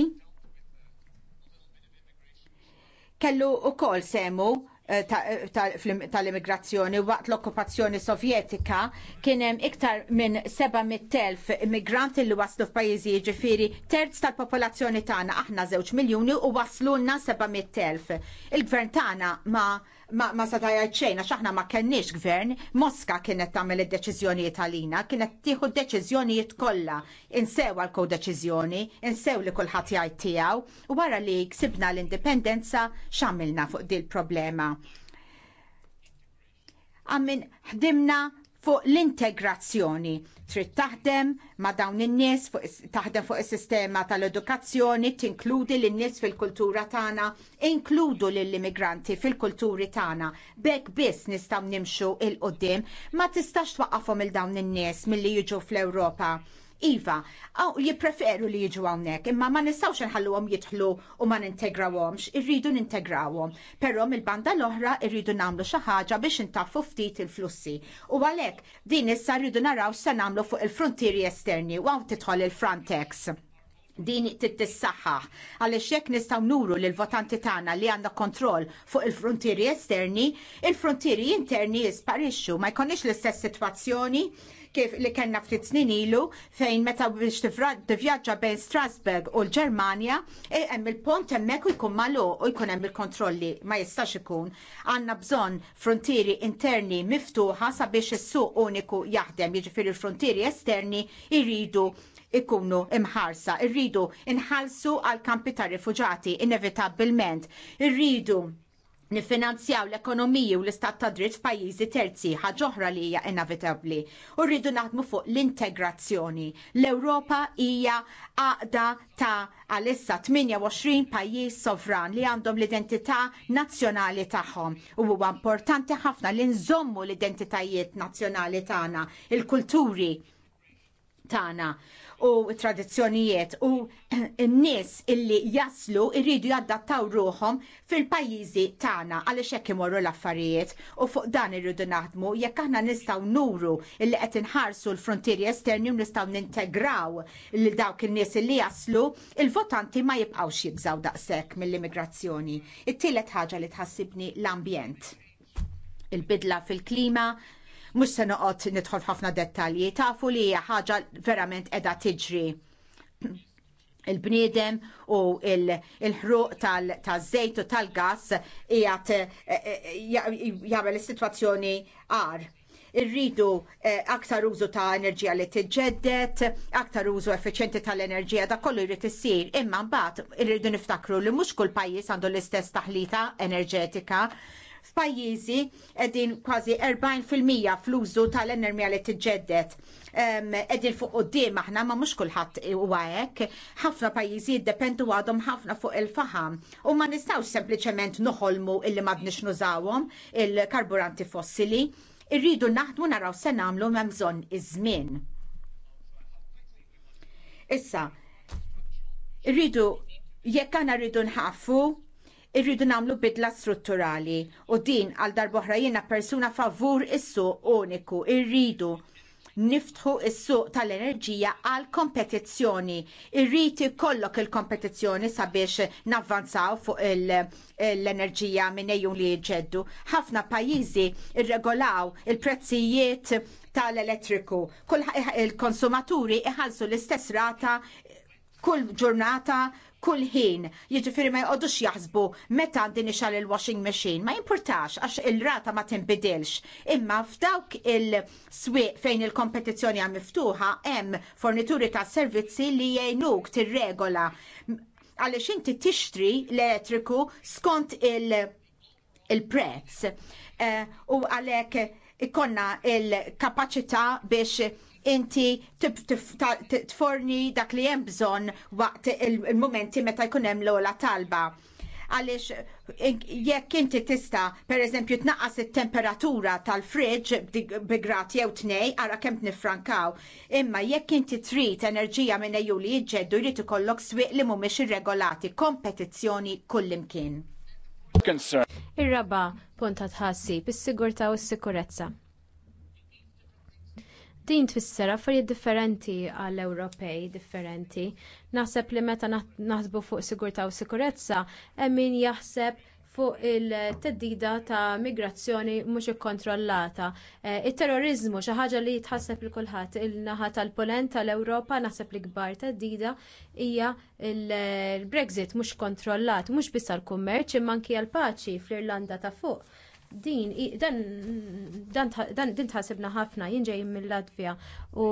B: kellu wkoll semu eh, tal-immigrazzjoni waqt l-okkupazzjoni sovjetika kien hemm iktar minn 700,000 immigranti li waslu f'pajjiżi ġifieri terz tal-popolazzjoni tagħna aħna żewġ miljuni u waslu lna 700,000. Il-gvern tagħna ma' ma, ma sadajja ċejna, xaħna ma kenniex gvern, Moska kienet tagħmel id-deċiżjonijiet għalina, kienet tieħu d-deċiżjonijiet kollha, insew għal deċiżjoni insew li kulħadd jgħid tiegħu, u wara li ksibna l-indipendenza x'għamilna fuq dil problema. Għammin ħdimna fuq l-integrazzjoni. Trid taħdem ma' dawn in-nies, taħdem fuq is-sistema tal-edukazzjoni, tinkludi lin-nies fil-kultura tagħna, inkludu lill-immigranti fil-kulturi tagħna. Bek biss nistgħu nimxu il qudiem ma tistax twaqqafhom il dawn in-nies milli jiġu fl-Ewropa Iva, jippreferu li jiġu hawnhekk, imma ma nħallu għom jidħlu u ma nintegrawhomx, irridu nintegrawhom. Però mill-banda l-oħra irridu nagħmlu xi ħaġa biex intaffu ftit il-flussi. U għalhekk din issa rridu naraw se nagħmlu fuq il-frontieri esterni u hawn tidħol il-Frontex din tittissaħħaħ għaliex jekk nistgħu nuru l votanti tagħna li għandna kontroll fuq il-frontieri esterni, il-frontieri interni jisparixxu ma jkollniex l-istess sitwazzjoni kif li kellna ftit snin ilu fejn meta biex tivvjaġġa bejn Strasburg u l-Ġermanja e, hemm il-pont hemmhekk u jkun malu u jkun hemm il-kontrolli ma jistax ikun. Għandna bżonn frontieri interni miftuħa sabiex is-suq uniku jaħdem, jiġifieri l-frontieri esterni jridu ikunu imħarsa, irridu inħalsu għal kampi ta' rifuġati inevitabilment, irridu nifinanzjaw l-ekonomiji u l-istat ta' dritt f'pajjiżi terzi ħaġa oħra li hija inevitabbli. U rridu naħdmu fuq l-integrazzjoni. L-Ewropa hija għaqda ta' għalissa 28 pajjiż sovran li għandhom l-identità nazzjonali tagħhom. U huwa importanti ħafna li nżommu l-identitajiet nazzjonali tagħna, il-kulturi tagħna u tradizzjonijiet u <clears throat> n-nies illi jaslu irridu jaddattaw ruhom fil-pajjiżi tagħna għaliex hekk imorru l-affarijiet u fuq dan irridu naħdmu jekk aħna nistgħu nuru illi qed inħarsu l-frontieri esterni u nistgħu nintegraw lil dawk in-nies illi jaslu, il-votanti ma jibqgħux jibżaw daqshekk mill-immigrazzjoni. It-tielet ħaġa li tħassibni l-ambjent il-bidla fil-klima, Mhux se noqot nidħol ħafna dettalji, tafu li hija ħaġa verament qiegħda tiġri <clears throat> il-bniedem u il-ħruq tal-żejt u tal-gas jgħat eh, eh, eh, jgħamil is-sitwazzjoni għar irridu aktar użu ta' enerġija li tiġġeddet, aktar użu effiċenti tal-enerġija da' kollu jrid issir. Imma mbagħad irridu niftakru li mhux kull pajjiż għandu l-istess taħlita enerġetika. F'pajjiżi qegħdin kważi 40% fl-użu tal-enermija li tiġġedded. Qegħdin fuq quddiem aħna ma mhux kulħadd huwa hekk. Ħafna pajjiżi jiddependu għadhom ħafna fuq il-faħam u ma nistgħux sempliċement noħolmu illi m'għadniex nużawhom il-karburanti fossili. Irridu naħdmu naraw se nagħmlu hemm bżonn iż-żmien. Issa, rridu jekk għana rridu nħaffu irridu nagħmlu bidla strutturali u din għal darboħra jiena persuna favur is-suq uniku irridu niftħu is-suq tal-enerġija għal kompetizzjoni. Irriti kollok il-kompetizzjoni sabiex navvanzaw fuq l-enerġija minn ejjun li jġeddu. Ħafna pajjiżi irregolaw il-prezzijiet tal-elettriku. Kull il-konsumaturi iħalsu l-istess rata kull ġurnata kull ħin, jiġifieri ma jqogħdux jaħsbu meta din ixal il-washing machine, ma jimpurtax għax il-rata ma tinbidilx. Imma f'dawk il-swieq fejn il-kompetizzjoni għam miftuħa hemm fornituri ta' servizzi li jgħinuk tirregola għaliex inti tixtri l-elettriku skont il-prezz. Il eh, u għalhekk ikonna il kapaċità biex inti tforni dak li hemm bżonn waqt il-momenti meta jkun hemm l-ogħla talba. Għaliex jekk inti tista, per eżempju, tnaqqas it-temperatura tal-friġġ bigrat jew tnej, ara kemm nifrankaw. Imma jekk inti trid enerġija minn eju li jiġġeddu jrid ikollok swieq li mhumiex irregolati, kompetizzjoni kullimkien.
C: Ir-raba punta tħassib is-sigurtà u s-sikurezza. Din tfisser affarijiet differenti għall Ewropej differenti. Naħseb li meta naħsbu fuq sigurtà u sikurezza hemm min jaħseb fuq il-teddida ta' migrazzjoni mhux ikkontrollata. Eh, Il-terrorizmu xi ħaġa li jitħasseb li kulħadd il-naħa tal-Polent tal-Ewropa naħseb li kbar teddida hija l brexit mhux kontrollat, mhux biss għall kummerċ imma anki għall paċi fl-Irlanda ta' fuq Din, dan, dan, dan, din tħasibna ħafna, jinġej mill-Latvija u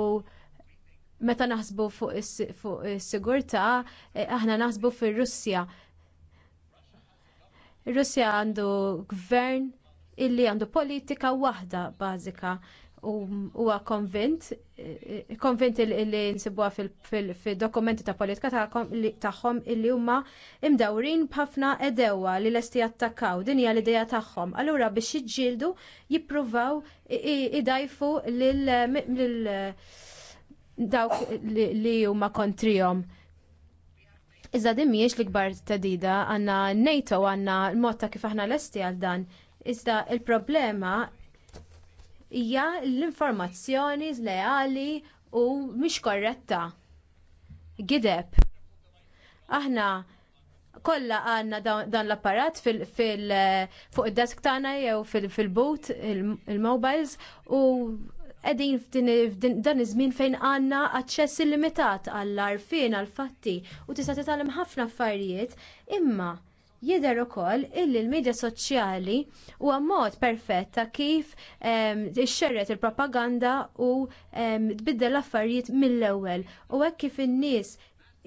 C: meta naħsbu fuq is-sigurtà, eh, aħna naħsbu fir-Russja. Ir-Russja għandu gvern illi għandu politika waħda bażika huwa konvint konvint li nsibuha fil-dokumenti ta' politika tagħhom illi huma imdawrin b'ħafna edewa li lesti jattakkaw din hija l-idea tagħhom. Allura biex jiġġieldu jippruvaw idajfu lil dawk li huma kontrihom. Iżda din mhijiex l-ikbar tedida għandna NATO għandna l-mod ta' kif aħna lesti għal dan. Iżda il-problema hija l-informazzjoni leali u mhix korretta. Gideb. Aħna kollha għandna dan l-apparat fuq id-desk tagħna jew fil-boot il-mobiles u qegħdin dan iż-żmien fejn għandna aċċess illimitat għall għarfien għall-fatti u tista' titgħallem ħafna affarijiet imma Jidher ukoll illi l-medja soċjali huwa mod perfett ta' kif ehm, ixxerret il-propaganda u ehm, tbiddel l-affarijiet mill-ewwel u hekk kif in-nies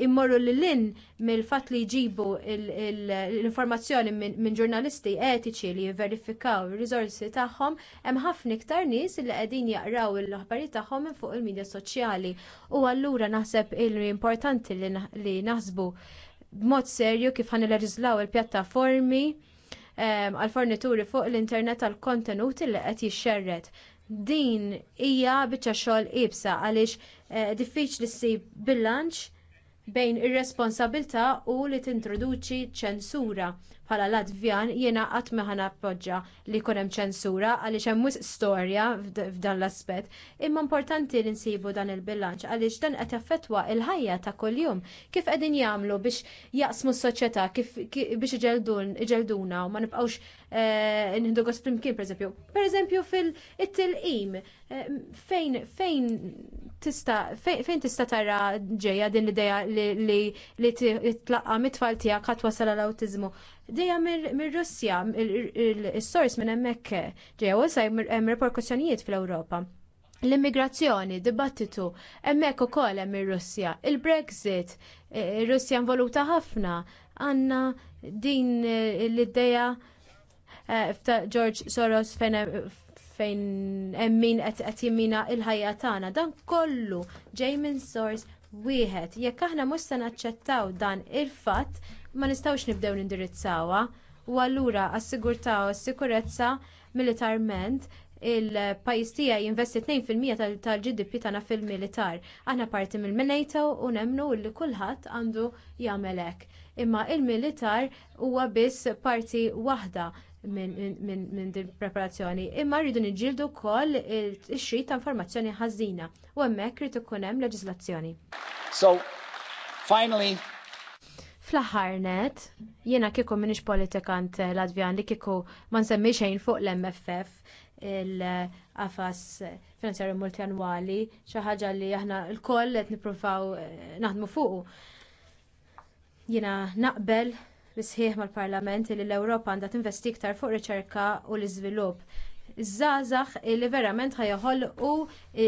C: immorru lil-in mill-fatt li jġibu l-informazzjoni minn ġurnalisti etiċi li jivverifikaw ir-riżorsi tagħhom hemm ħafna iktar nies li qegħdin jaqraw l-aħbarijiet tagħhom minn fuq il-medja soċjali u allura naħseb il-importanti li naħsbu b'mod serju kif ħan leġislaw il-pjattaformi ehm, għal fornituri fuq l-internet għal kontenuti li qed jixxerret. Din hija biċċa xogħol ibsa għaliex eh, diffiċli ssib bilanċ bejn ir-responsabilità u li tintroduċi ċensura bħala Latvjan jiena qatt ma appoġġja li jkun hemm ċensura għaliex hemm wisq storja f'dan l-aspett. Imma importanti li nsibu dan il-bilanċ għaliex dan qed jaffettwa l-ħajja ta' kuljum kif qegħdin jagħmlu biex jaqsmu s-soċjetà kif biex iġelduna u ma nibqgħux eh, nħindu gost flimkien pereżempju. Pereżempju fil-tilqim eh, fejn fejn tista' fejn tista' tara ġejja din l-idea li li mit-tfal tiegħek ħadd wasal l-awtiżmu dejja mir-Russja, il-sors minn hemmhekk ġejja u sa' hemm reperkussjonijiet fl-Ewropa. L-immigrazzjoni, dibattitu, hemmhekk ukoll hemm ir-Russja, il-Brexit, e, ir-Russja involuta ħafna, għandna din e, l-idea e, ta' George Soros fejn hemm min qed jimmina l ħajja tagħna. Dan kollu ġej minn sors wieħed jekk aħna mhux se naċċettaw dan il-fatt ma nistgħux nibdew nindirizzawha u allura għas-sigurtà u s-sikurezza militarment il-pajjiż tiegħi jinvesti 2% tal-GDP tagħna fil-militar. Aħna parti mill-NATO u nemnu li kulħadd għandu jagħmel hekk. Imma l militar huwa biss parti waħda minn din preparazzjoni. Imma rridu niġġieldu wkoll ix-xrid ta' informazzjoni ħażina u hemmhekk irid ikun hemm leġiżlazzjoni.
B: So, finally,
C: Fl-aħħar net, jiena kieku minix politikant eh, Latvjan li kieku ma nsemmi xejn fuq l-MFF il-qafas eh, finanzjarju multianwali, xi ħaġa li aħna l-koll qed nippruvaw eh, naħdmu fuq. Jiena naqbel bisħieħ mal-Parlament li l-Ewropa għandha tinvesti iktar fuq riċerka u l-iżvilupp. Iż-żgħażagħ li verament ħajoħolqu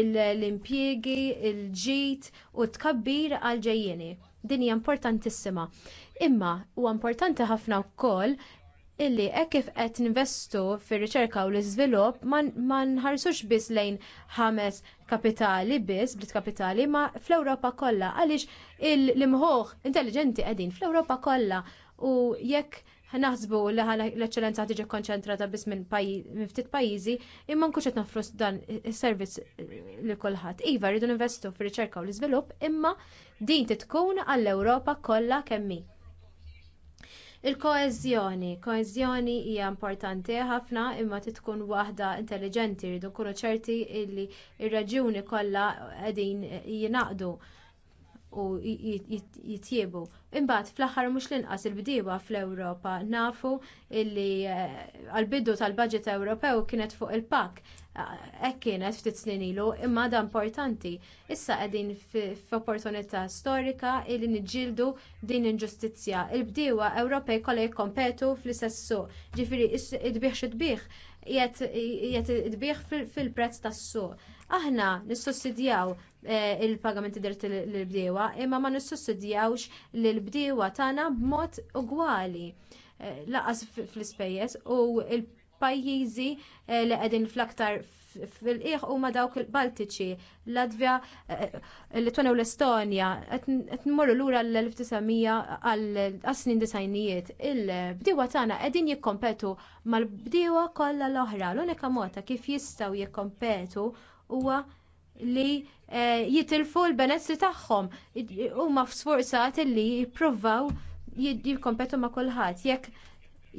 C: l-impjiegi, il-ġid u tkabbir għal ġejjieni. Din hija importantissima. Imma huwa importanti ħafna wkoll illi hekk kif qed ninvestu fir-riċerka u l-iżvilupp ma nħarsux biss lejn ħames kapitali biss, bit kapitali, ma fl-Ewropa kollha għaliex l imħuħ intelligenti qegħdin fl-Ewropa kollha u jekk naħsbu li l-eċċellenza tiġi konċentrata biss minn ftit pajjiżi imma nkunx qed nofru dan is-servizz lil kulħadd. Iva rridu ninvestu fir-riċerka u l-iżvilupp imma din titkun għall-Ewropa kollha kemm Il-koeżjoni, koeżjoni hija importanti ħafna imma titkun waħda intelligenti rridu nkunu ċerti li r reġjuni kollha qegħdin jingħaqdu u jitjiebu. Imbagħad fl-aħħar mhux l-inqas il-bdiewa fl-Ewropa nafu li eh, għall-bidu tal-budget Ewropew kienet fuq il-pak. Eh, hekk kienet ftit snin ilu, imma da importanti. Issa qegħdin f'opportunità storika li niġġieldu din l-inġustizzja. Il-bdiewa Ewropej kollha jikkompetu fl-istess suq. Ġifieri id-bieħ xi jgħet id fil-prezz tas-suq. Aħna nissussidjaw eh, il-pagamenti dirti l-bdiewa, imma ma nissussidjawx l-bdiewa tagħna b'mod ugwali eh, laqas fl-ispejjeż u l-pajjiżi eh, li qegħdin fl-aktar fil u huma dawk il-Baltiċi, Latvja, eh, litwana u l-Estonja, qed nmorru lura l-1900 għal snin disajnijiet. il bdiwa tagħna qegħdin jikkompetu mal bdiwa kollha l-oħra. L-unika mota kif jistgħu jikkompetu huwa li eh, jitilfu l-benessi tagħhom. Huma sforzati li jippruvaw jikkompetu ma' kulħadd. Jekk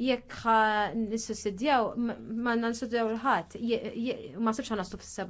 C: jekk nissussidjaw ma nissussidjaw l-ħadd ma sibx ħanastu fis-seba